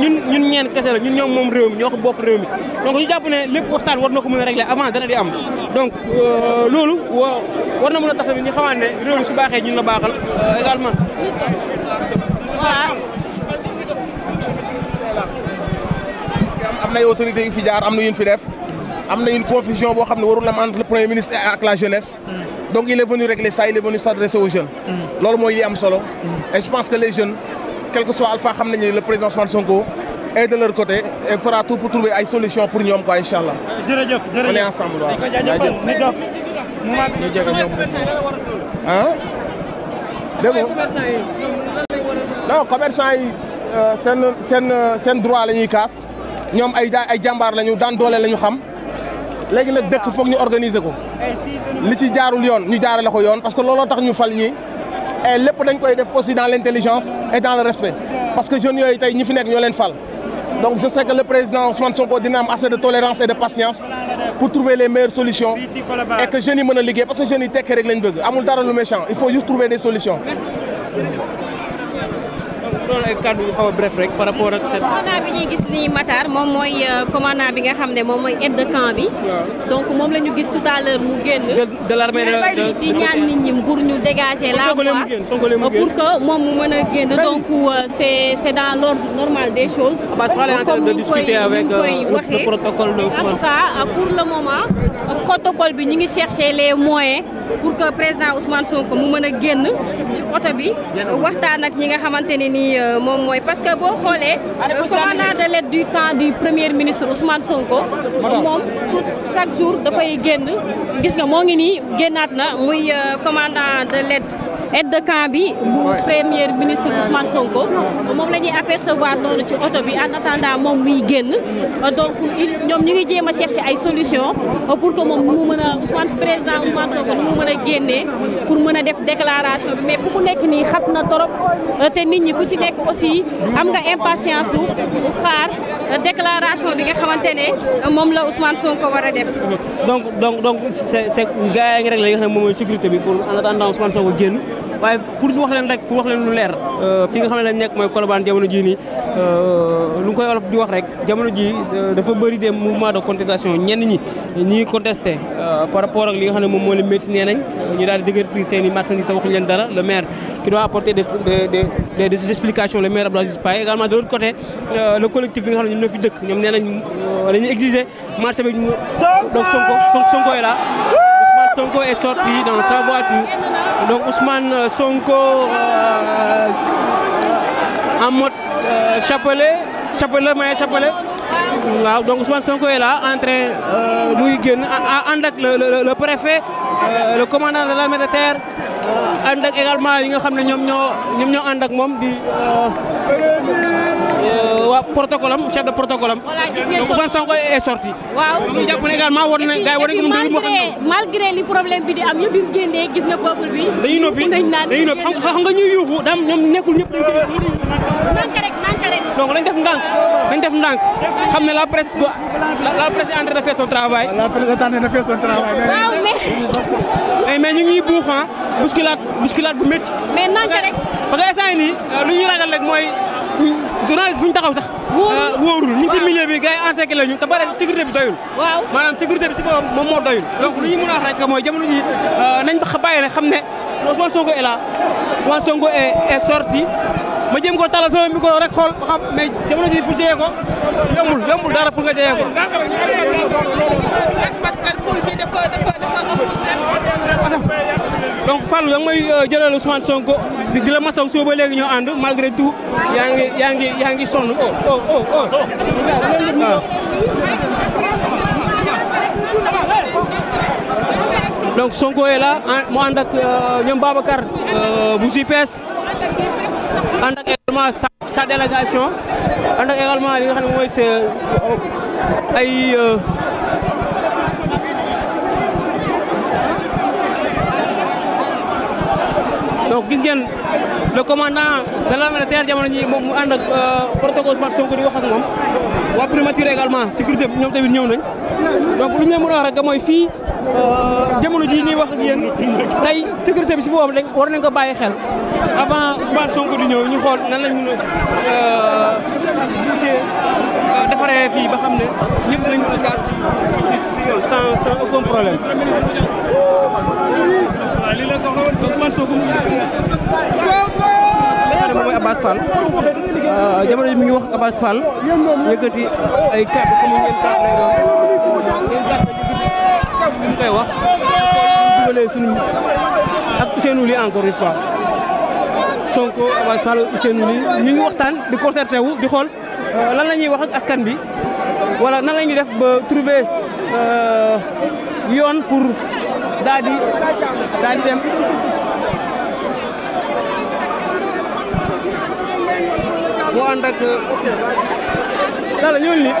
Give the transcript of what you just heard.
ñun ñun ñeen kese ñun ñoom moom réew mi ñoo ko bokk réew mi donc ñu jàpp ne lépp waxtaan war na ko mën a régler avant dara di am donc euh, loolu war na mën a tax tamit ñu xamaan ne réew mi su baaxee ñun la baaxal euh, également. am na ay autorités yu fi jaar am na yu fi def am na une confusion boo xam ne warul am entre le premier ministre ak la jeunesse. donc il est venu régler ça il est venu s'adresser aux jeunes. Mm. loolu mooy li am solo. Mm. et je les jeunes. quel que al fa xam nañu le président Ousmane Sonko est leur côté et fera tout pour trouver ay solution pour ñoom quoi incha allah. Euh, jërëjëf jërëjëf on est ensemble waaw jaajëf ñu dof ñu jege ñoom ah. dégg euh, seen seen droit la ñuy kaas ñoom ay ay jàmbaar lañu daan doole lañu xam. léegi nag dëkk foog ñu organiser ko eh, li ci jaarul yoon ñu jaarale ko yoon parce que looloo tax ñu fal ñi et lépp dañ koy def aussi dans l' intelligence et dans le respect parce que jeunes yooyu tey ñi fi nekk ñoo leen donc je sais que le président Ousmane Sonko dina assez de tolérance et de patience pour trouver les meilleures solutions et que jeunes yi mën a liggéey parce que jeunes yi tekki rek lañ bëgg amul dara lu méchant il faut juste trouver des solutions. doon ay kàddu yu a bref rek bi ñuy gis nii Matar moom mooy euh, commandant bi nga xam ne moom mooy aide de camp bi. donc moom la gis tout mu génn. de l'armée di ñaan nit pour que moom mu mën a génn donc euh, c'est dans l'ordre normal des choses. comme ni ñu euh, tout cas pour le moment protocole bi ñu ngi chercher les moyens. pour que président Ousmane Sonko mu mën a génn ci oto bi waxtaan ak ñi nga xamante ne nii euh, moom mooy parce que boo xoolee euh, commandant de l'aide du camp du premier ministre Ousmane Sonko moom tout chaque jour dafay génn gis nga moo ngi nii génnaat na muy euh, commandant de l'aide aide de camp bi bu premier ministre Ousmane Sonko moom la ñuy apercevoir noonu ci oto bi en attendant moom muy génn donc ñoom ñu ngi jéem a chercher ay solution pour que moom mu mën a Ousmane président Ousmane Sonko mu mën a génnee pour mën a def déclaration bi mais fu mu nekk nii xat na torop te nit ñi ku ci nekk aussi am nga impatience su xaar déclaration bi nga xamante ne moom la Ousmane Sonko war a def. donc donc donc c'est c'est gars yi rek la nga xam ne moom mooy sécurité bi pour en attendant Ousmane Sonko génn. waaye pour ñu wax leen rek pour lu leer euh, fi nga xam ne lañ nekk mooy Colobane jamono jii nii euh, lu koy olof di wax rek jamono ji euh, dafa bëri des mouvement de contestation ñenn ñi ñi contesté par rapport ak li nga xam ne moom moo leen métti nee nañ ñu daal di dëgër prix seen i marchandises leen dara le maire qui doit apporter des des des explications le maire Abdoulaye Paye également de l'autre côté le collectif bi nga xam ne ñoom ñoo fi dëkk ñoom nee nañ dañuy Sonko est sorti dans sa voiture. Donc Ousmane euh, Sonko euh, en mode euh, chapelet, chapelet, maillot chapelet. Là, donc Ousmane Sonko est là en train, euh, lui, en, en, en, le, préfet, euh, le commandant de l'armée de terre, ànd ak également yi nga xam ne ñoom ñoo ñoom ñoo ànd ak moom di euh, euh, waa protocole am chef de protocole am. voilà gis ngeen ko donc Ousmane Sonko est sorti. waaw ñu jàpp ne également war na gars yi war nañu mën a. malgré li problème bi di am yëpp bi mu génnee gis nga peuple bi. dañuy noppi dañuy noppi xam nga ñuy yuuxu daam ñoom nekkul ñëpp dañu ko donc nañ def ndànk nañ def ndànk xam ne la presse la presse est en train de faire son travail. la presse est en train de faire son travail. mais mais ñu ngi buux ah bu métti. mais ndànk rek. parce que lu ñuy ragal rek mooy journaliste fu ñu taxaw sax. wóorul euh, wóorul ñu ngi bi gars yi encerclé lañu te bare sécurité bi doyul. waaw maanaam sécurité bi si boppam moom doyul. donc lu ñu mën a wax rek mooy jamono ji euh, nañ bàyyi rek xam ne Ousmane Sonko est là Ousmane Sonko est sorti ma jëm ko talal sama micro rek xool ba xam ji pour jege ko yombul yombul dara pour nga jege ko. donc Fallou da nga may euh, jëlal Ousmane Sonko di la masaw soo ba ñoo ànd malgré tout yaa ngi yaa oh, oh, oh, donc Sonko est là ah, mu ànd ak euh, ñoom Babacar euh, bu GPS. ànd ak également sa sa délégation ànd ak également li nga xam ne mooy sa ay. Euh, donc gis ngeen le commandant de l'armée de terre jamono ji moom mu ànd ak euh, protocole Ousmane Sonko wax ak moom. waa primature également sécurité ñoom tamit ñëw nañ donc lu ñu leen mën a wax mooy fii euh, jamono jii ñuy wax ak yéen tey sécurité bi si boobu lañ war nañ ko bàyyi xel avant Ousmane Sonko di ñëw ñu xool nan lañ mën a euh, euh, defaree fii ba xam ne ñëpp nañ si gaar Abass Fall yëkkati ay kàddu xamuñ ngeen kàddu lay doon ngeen kàddu yëkkati li mu koy wax dugalee suñu ak Ousseynou encore une fois Sonko Abass Fall Ousseynou waxtaan di concerté wu di xool euh, lan la ñuy wax ak askan bi walla nan la ñuy def ba trouver euh, yoon pour daal dem moo ànd ak li